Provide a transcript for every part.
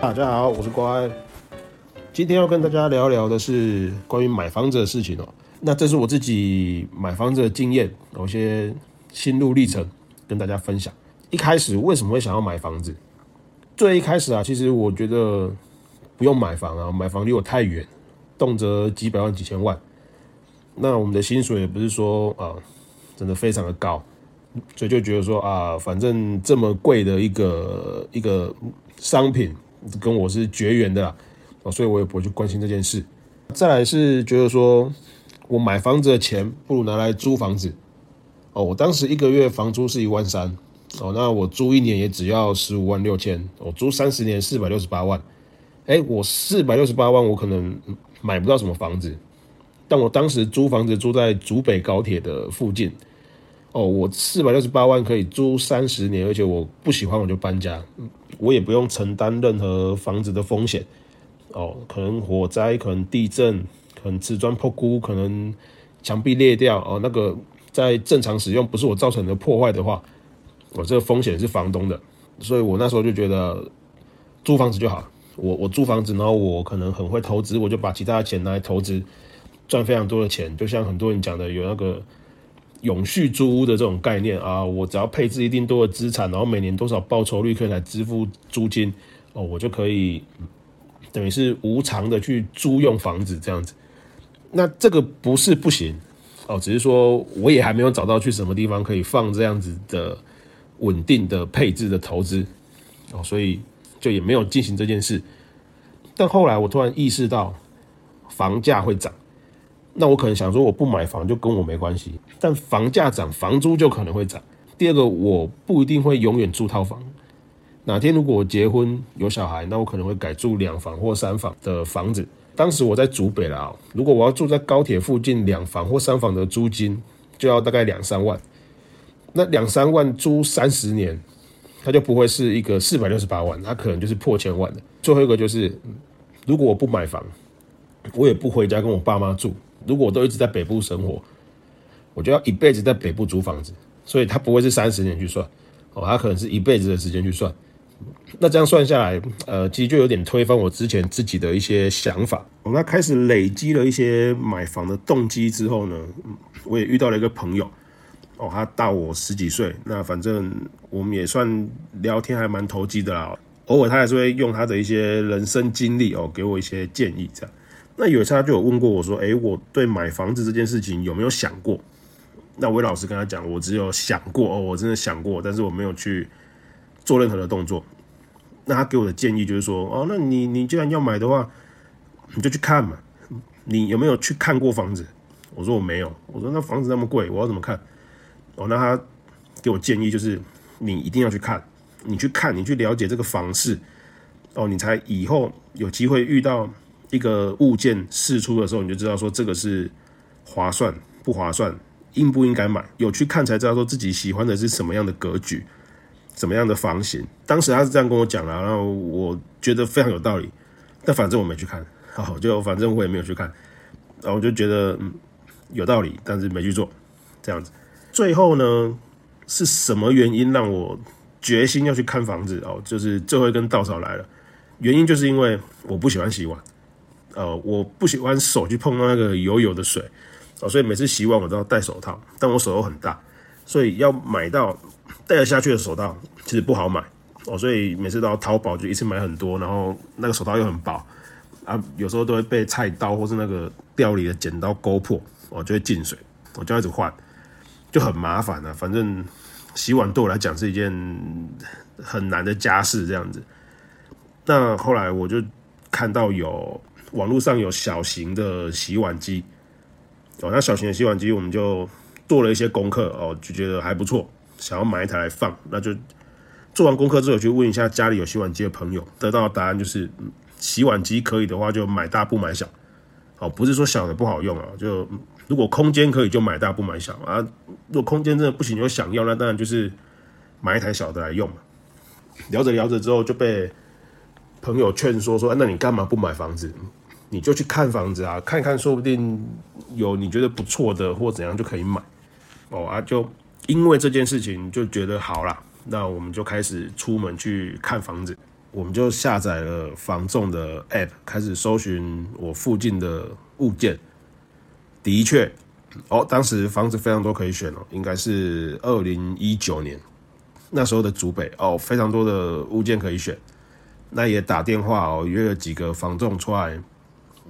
大家好，我是乖。今天要跟大家聊聊的是關於買房子的事情哦。那這是我自己買房子的經驗，有些心路歷程跟大家分享。一開始為什麼會想要買房子？最一開始啊，其實我覺得不用買房啊，買房離我太遠，動輒幾百萬、幾千萬。那我們的薪水也不是說啊，真的非常的高，所以就覺得說啊，反正這麼貴的一個一個商品。跟我是絕緣的啦，哦，所以我也不會去關心這件事。再來是覺得說，我買房子的錢不如拿來租房子，哦，我當時一個月房租是一萬三，哦，那我租一年也只要十五萬六千，欸，我租三十年四百六十八萬，哎，我四百六十八萬我可能買不到什麼房子，但我當時租房子租在竹北高鐵的附近。哦，我四百六十八萬可以租三十年，而且我不喜歡我就搬家，我也不用承擔任何房子的風險。哦，可能火災，可能地震，可能瓷磚破箍，可能牆壁裂掉。哦，那個在正常使用不是我造成的破壞的話，我，哦，這個風險是房東的。所以我那時候就覺得租房子就好。我我租房子，然後我可能很會投資，我就把其他的錢拿來投資，賺非常多的錢。就像很多人講的，有那個。永續租屋的這種概念啊，我只要配置一定多的資產，然後每年多少報酬率可以來支付租金，哦，我就可以等於是無償的去租用房子這樣子。那這個不是不行哦，只是說我也還沒有找到去什麼地方可以放這樣子的穩定的配置的投資哦，所以就也沒有進行這件事。但後來我突然意識到，房價會漲。那我可能想說，我不買房就跟我沒關係。但房價漲，房租就可能會漲。第二個，我不一定會永遠住套房。哪天如果我結婚有小孩，那我可能會改住兩房或三房的房子。當時我在竹北啦，如果我要住在高鐵附近兩房或三房的租金，就要大概兩三萬。那兩三萬租三十年，它就不會是一個四百六十八萬，它可能就是破千萬的。最後一個就是，如果我不買房，我也不回家跟我爸媽住。如果我都一直在北部生活，我就要一輩子在北部租房子，所以它不會是三十年去算哦，它可能是一輩子的時間去算。那這樣算下來，呃，其實就有點推翻我之前自己的一些想法。哦，那開始累積了一些買房的動機之後呢，我也遇到了一個朋友哦，他大我十幾歲，那反正我們也算聊天還蠻投機的啦。偶爾他還是會用他的一些人生經歷哦，給我一些建議這樣。那有一次，他就有問過我說：“誒、欸，我對買房子這件事情有沒有想過？”那我老實跟他講，我只有想過哦，我真的想過，但是我沒有去做任何的動作。那他給我的建議就是說：“哦，那你你既然要買的話，你就去看嘛。你有沒有去看過房子？”我說：“我沒有。”我說：“那房子那麼貴，我要怎麼看？”哦，那他給我建議就是：你一定要去看，你去看，你去了解這個房市哦，你才以後有機會遇到。一個物件釋出的時候，你就知道說，這個是划算不划算，應不應該買。有去看才知道說自己喜歡的是什麼樣的格局，什麼樣的房型。當時他是這樣跟我講了，啊，然後我覺得非常有道理。但反正我沒去看，好，就反正我也沒有去看，然後我就覺得嗯，有道理，但是沒去做這樣子。最後呢，是什麼原因讓我決心要去看房子？哦，就是最後一根稻草來了。原因就是因為我不喜歡洗碗。呃，我不喜歡手去碰到那個油油的水，哦、所以每次洗碗我都要戴手套。但我手又很大，所以要買到戴得下去的手套其實不好買哦。所以每次都要淘寶，就一次買很多，然後那個手套又很薄啊，有時候都會被菜刀或是那個料理的剪刀勾破我、哦、就會進水，我就開始換，就很麻煩的、啊。反正洗碗對我來講是一件很難的家事，這樣子。那後來我就看到有。網絡上有小型的洗碗機哦，那小型的洗碗機我們就做了一些功課哦，就覺得還不錯，想要買一台來放。那就做完功課之後去問一下家裡有洗碗機的朋友，得到的答案就是洗碗機可以的話就買大不買小哦，不是說小的不好用啊，就如果空間可以就買大不買小啊，如果空間真的不行又想要，那當然就是買一台小的來用嘛。聊着聊着之後就被朋友勸說說，那你幹嘛不買房子？你就去看房子啊，看看，說不定有你覺得不錯的或怎樣，就可以買，哦啊，就因為這件事情就覺得好啦，那我們就開始出門去看房子，我們就下載了房仲的 app，開始搜尋我附近的物件。的確，哦，當時房子非常多可以選哦，應該是二零一九年那時候的祖北哦，非常多的物件可以選。那也打電話哦，約了幾個房仲出來。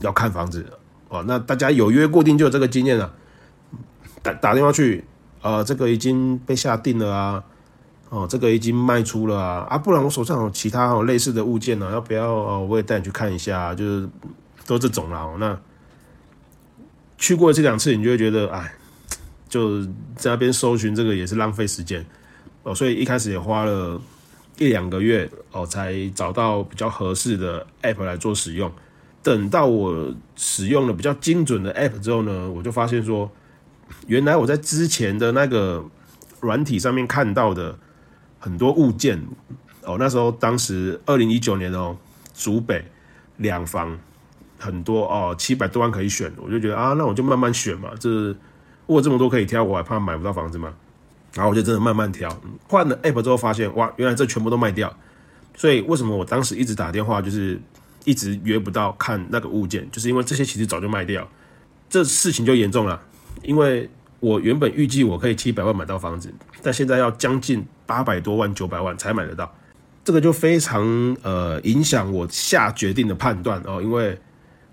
要看房子哦，那大家有約過定就有這個經驗了，打打電話去，啊、呃，這個已經被下定了啊，哦，這個已經賣出了啊，啊，不然我手上有其他、哦、類似的物件呢、啊，要不要、哦、我也帶你去看一下、啊？就是都這種啦，哦、那去過一兩次，你就會覺得哎，就在那邊搜尋這個也是浪費時間哦，所以一開始也花了一兩個月哦，才找到比較合適的 app 來做使用。等到我使用了比較精準的 App 之後呢，我就發現說，原來我在之前的那個軟體上面看到的很多物件哦，那時候當時二零一九年哦，竹北兩房很多哦，七百多萬可以選，我就覺得啊，那我就慢慢選嘛，這是我這麼多可以挑，我還怕買不到房子嗎？然後我就真的慢慢挑，換了 App 之後發現哇，原來這全部都賣掉，所以為什麼我當時一直打電話就是？一直約不到看那個物件，就是因為這些其實早就賣掉，這事情就嚴重了。因為我原本預計我可以七百萬買到房子，但現在要將近八百多萬九百萬才買得到，這個就非常呃影響我下決定的判斷哦。因為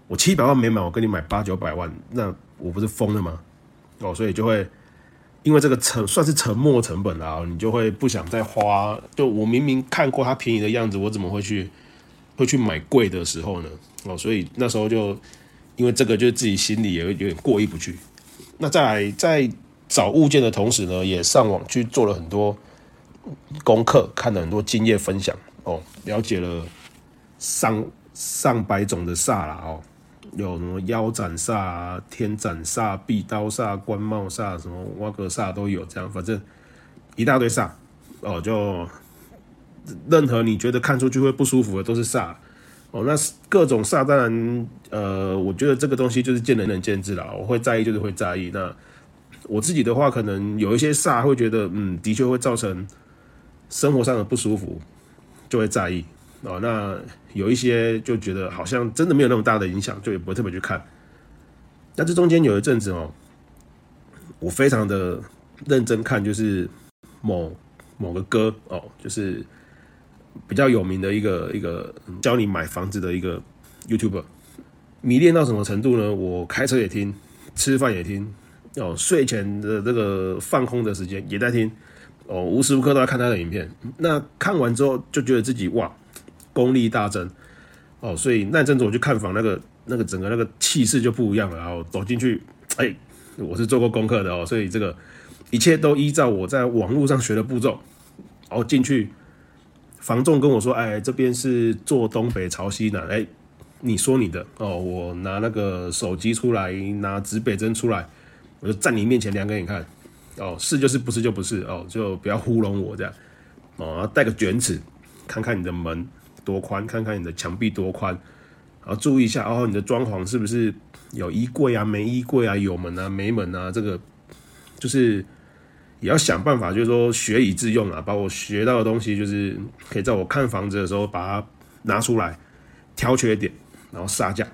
我七百萬沒買，我跟你買八九百萬，那我不是瘋了嗎？哦，所以就會因為這個沉算是沉沒成本了啊，你就會不想再花。就我明明看過它便宜的樣子，我怎麼會去？會去買貴的時候呢，哦，所以那時候就因為這個，就自己心裡也有點過意不去。那在在找物件的同時呢，也上網去做了很多功課，看了很多經驗分享，哦，了解了上上百種的煞啦，哦，有什麼腰斬煞啊、天斬煞、壁刀煞、官帽煞、什麼挖格煞都有，這樣反正一大堆煞，哦，就。任何你覺得看出去會不舒服的都是煞哦，那各種煞當然，呃，我覺得這個東西就是見仁見智啦。我會在意就是會在意。那我自己的話，可能有一些煞會覺得，嗯，的確會造成生活上的不舒服，就會在意哦。那有一些就覺得好像真的沒有那麼大的影響，就也不會特別去看。那這中間有一陣子哦，我非常的認真看，就是某某個歌哦，就是。比較有名的一個一個教你買房子的一個 YouTuber，迷戀到什麼程度呢？我開車也聽，吃飯也聽，哦，睡前的這個放空的時間也在聽，哦，無時無刻都在看他的影片。那看完之後就覺得自己哇，功力大增哦。所以那陣子我去看房，那個那個整個那個氣勢就不一樣了。然後走進去，哎、欸，我是做過功課的哦，所以這個一切都依照我在網絡上學的步驟，然後進去。房仲跟我說：“哎，這邊是坐東北朝西南。”哎，你說你的哦，我拿那個手機出來，拿指北針出來，我就站你面前量給你看。哦，是就是，不是就不是。哦，就不要糊弄我這樣。哦，然後帶個捲尺，看看你的門多寬，看看你的牆壁多寬。然後注意一下，哦，你的裝潢是不是有衣櫃啊？沒衣櫃啊？有門啊？沒門啊？這個就是。也要想辦法，就是說學以致用啊，把我學到的東西，就是可以在我看房子的時候把它拿出來挑缺點，然後殺價。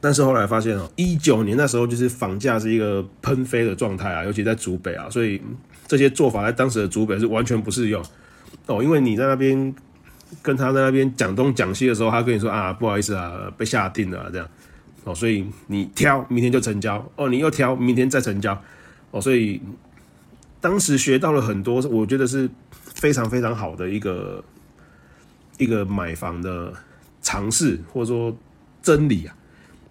但是後來發現哦、喔，一九年那時候就是房價是一個噴飛的狀態啊，尤其在竹北啊，所以這些做法在當時的竹北是完全不適用哦。因為你在那邊跟他在那邊講東講西的時候，他跟你說啊，不好意思啊，被下定了、啊、這樣哦，所以你挑明天就成交哦，你又挑明天再成交哦，所以。當時學到了很多，我覺得是非常非常好的一個一個買房的嘗試，或者說真理啊。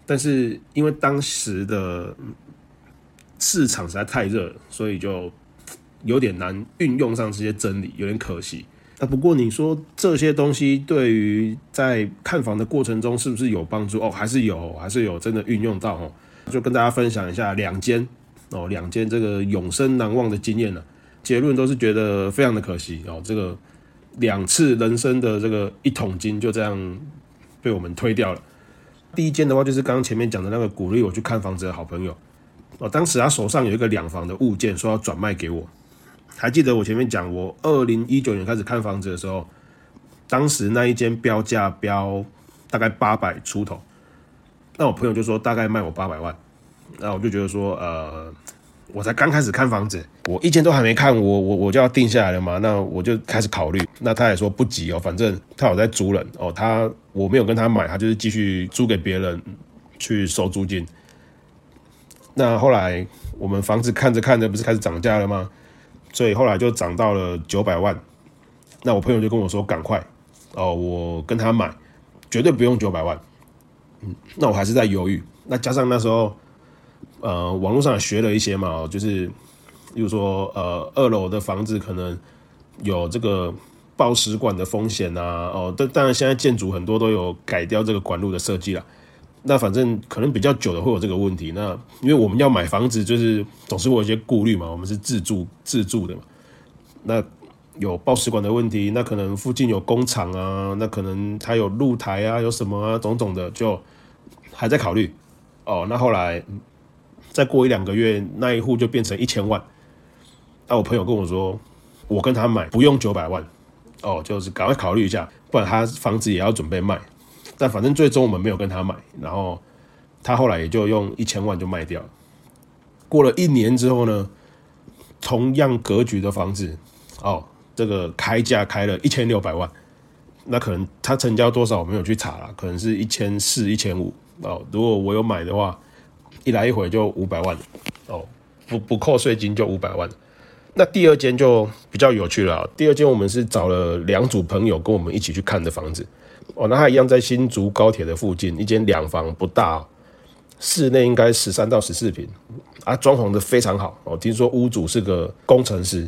但是因為當時的市場實在太熱了，所以就有點難運用上這些真理，有點可惜。那不過你說這些東西對於在看房的過程中是不是有幫助？哦，還是有，還是有真的運用到哦。就跟大家分享一下兩間。哦，兩件這個永生難忘的經驗呢、啊，結論都是覺得非常的可惜哦。這個兩次人生的這個一桶金就這樣被我們推掉了。第一件的話，就是剛剛前面講的那個鼓勵我去看房子的好朋友哦，當時他手上有一個兩房的物件，說要轉賣給我。還記得我前面講，我二零一九年開始看房子的時候，當時那一間標價標大概八百出頭，那我朋友就說大概賣我八百萬。那我就覺得說，呃，我才剛開始看房子，我一間都還沒看，我我我就要定下來了嘛？那我就開始考慮。那他也說不急哦，反正他有在租人哦，他我沒有跟他買，他就是繼續租給別人去收租金。那後來我們房子看着看着不是開始漲價了嗎？所以後來就漲到了九百萬。那我朋友就跟我說，趕快哦，我跟他買，絕對不用九百萬。嗯，那我還是在猶豫。那加上那時候。呃，網絡上也學了一些嘛，哦，就是，比如說，呃，二樓的房子可能有這個爆水管的風險吶，啊，哦，但當然現在建築很多都有改掉這個管路的設計了。那反正可能比較久的會有這個問題。那因為我們要買房子，就是總是會有一些顧慮嘛，我們是自住自住的嘛。那有爆水管的問題，那可能附近有工廠啊，那可能它有露台啊，有什麼啊，種種的就還在考慮。哦，那後來。再過一兩個月，那一戶就變成一千萬。那、啊、我朋友跟我說，我跟他買不用九百萬，哦，就是趕快考慮一下，不然他房子也要準備賣。但反正最終我們沒有跟他買，然後他後來也就用一千萬就賣掉了。過了一年之後呢，同樣格局的房子，哦，這個開價開了一千六百萬，那可能他成交多少我沒有去查了，可能是一千四、一千五哦。如果我有買的話。一來一回就五百萬哦，不不扣稅金就五百萬。那第二間就比較有趣了。第二間我們是找了兩組朋友跟我們一起去看的房子哦，那他一樣在新竹高鐵的附近，一間兩房不大，室內應該十三到十四坪啊，裝潢得非常好哦。聽說屋主是個工程師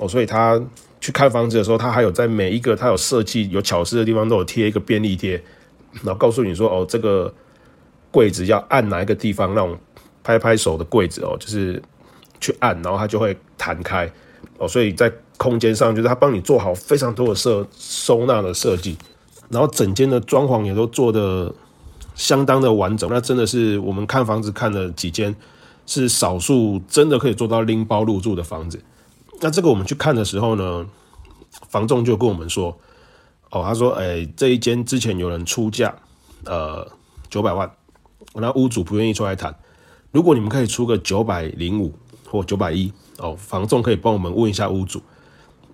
哦，所以他去看房子的時候，他還有在每一個他有設計有巧思的地方都有貼一個便利貼，然後告訴你說哦這個。櫃子要按哪一個地方那種拍拍手的櫃子哦，就是去按，然後它就會彈開哦，所以在空間上，就是它幫你做好非常多的設收納的設計，然後整間的裝潢也都做得相當的完整，那真的是我們看房子看了幾間，是少數真的可以做到拎包入住的房子。那這個我們去看的時候呢，房仲就跟我們說，哦，他說，欸，這一間之前有人出價，呃，九百萬。那屋主不願意出來談，如果你們可以出個九百零五或九百一哦，房仲可以幫我們問一下屋主。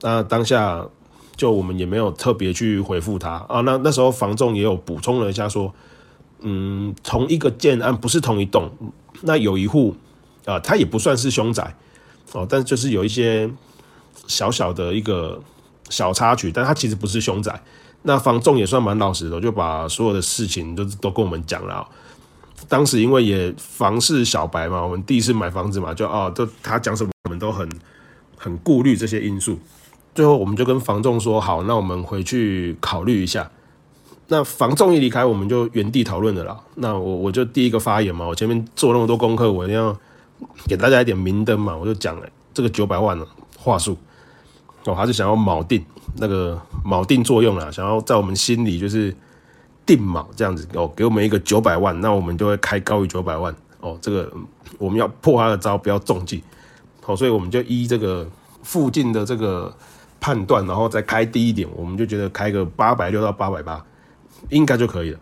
那當下就我們也沒有特別去回復他啊、哦。那那時候房仲也有補充了一下說，嗯，同一個建案不是同一棟，那有一戶啊、呃，他也不算是凶宅哦，但就是有一些小小的一個小插曲，但他其實不是凶宅。那房仲也算蠻老實的，就把所有的事情都都跟我們講了。當時因為也房市小白嘛，我們第一次買房子嘛，就啊、哦，就他講什麼我們都很很顧慮這些因素。最後我們就跟房仲說好，那我們回去考慮一下。那房仲一離開，我們就原地討論的啦。那我我就第一個發言嘛，我前面做那麼多功課，我一定要給大家一點明燈嘛，我就講這個九百萬的、啊、話術。我、哦、還是想要錨定那個錨定作用啦，想要在我們心裡就是。定錨，這樣子哦，給我們一個九百萬，那我們就會開高於九百萬哦。這個我們要破他的招，不要中計。好、哦，所以我們就依這個附近的這個判斷，然後再開低一點，我們就覺得開個八百六到八百八應該就可以了。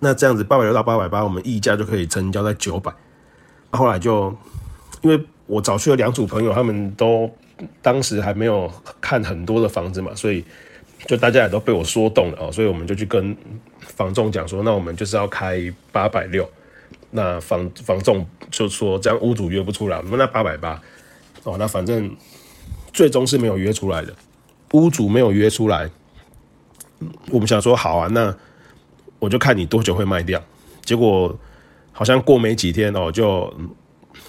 那這樣子八百六到八百八，我們議價就可以成交在九百。後來就因為我找去了兩組朋友，他們都當時還沒有看很多的房子嘛，所以。就大家也都被我說動了哦，所以我們就去跟房仲講說，那我們就是要開八百六，那房房仲就說這樣屋主約不出來，我們那八百八，哦，那反正最終是沒有約出來的，屋主沒有約出來，我們想說好啊，那我就看你多久會賣掉，結果好像過沒幾天哦，就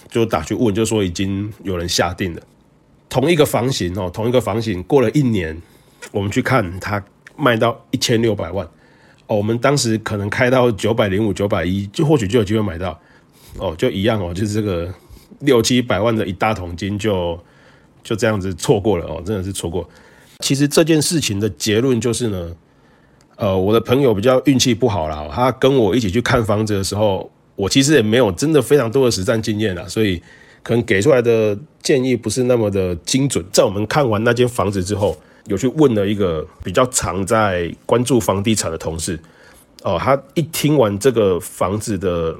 就打去問，就說已經有人下定了，同一個房型哦，同一個房型，過了一年。我們去看它賣到一千六百萬，哦，我們當時可能開到九百零五、九百一，就或許就有機會買到，哦，就一樣哦，就是這個六七百萬的一大桶金就就這樣子錯過了哦，真的是錯過。其實這件事情的結論就是呢，呃，我的朋友比較運氣不好啦，他跟我一起去看房子的時候，我其實也沒有真的非常多的實戰經驗啦，所以可能給出來的建議不是那麼的精準。在我們看完那間房子之後。有去問了一個比較常在關注房地產的同事，哦，他一聽完這個房子的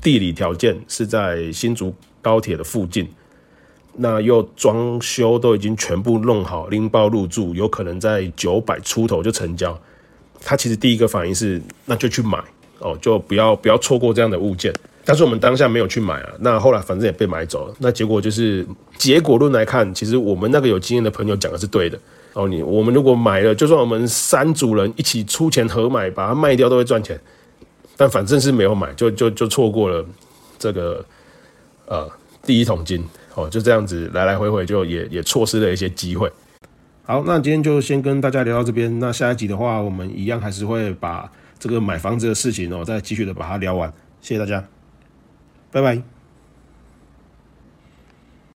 地理條件是在新竹高鐵的附近，那又裝修都已經全部弄好，拎包入住，有可能在九百出頭就成交。他其實第一個反應是，那就去買，哦，就不要不要錯過這樣的物件。但是我們當下沒有去買啊，那後來反正也被買走了。那結果就是結果論來看，其實我們那個有經驗的朋友講的是對的。哦，你我們如果買了，就算我們三組人一起出錢合買，把它賣掉都會賺錢，但反正是沒有買，就就就錯過了這個呃第一桶金哦，就這樣子來來回回就也也錯失了一些機會。好，那今天就先跟大家聊到這邊，那下一集的話，我們一樣還是會把這個買房子的事情哦再繼續的把它聊完。謝謝大家，拜拜。